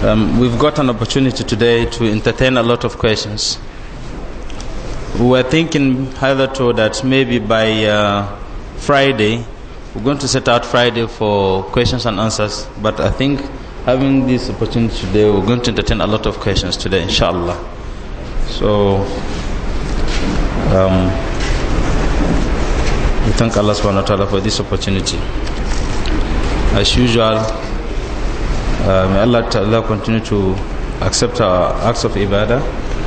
Um, we've got an opportunity today to entertain a lot of questions. We were thinking hitherto that maybe by uh, Friday, we're going to set out Friday for questions and answers, but I think having this opportunity today, we're going to entertain a lot of questions today, inshallah. So, um, we thank Allah subhanahu wa ta'ala for this opportunity. As usual, uh, may Allah Ta'ala continue to accept our acts of ibadah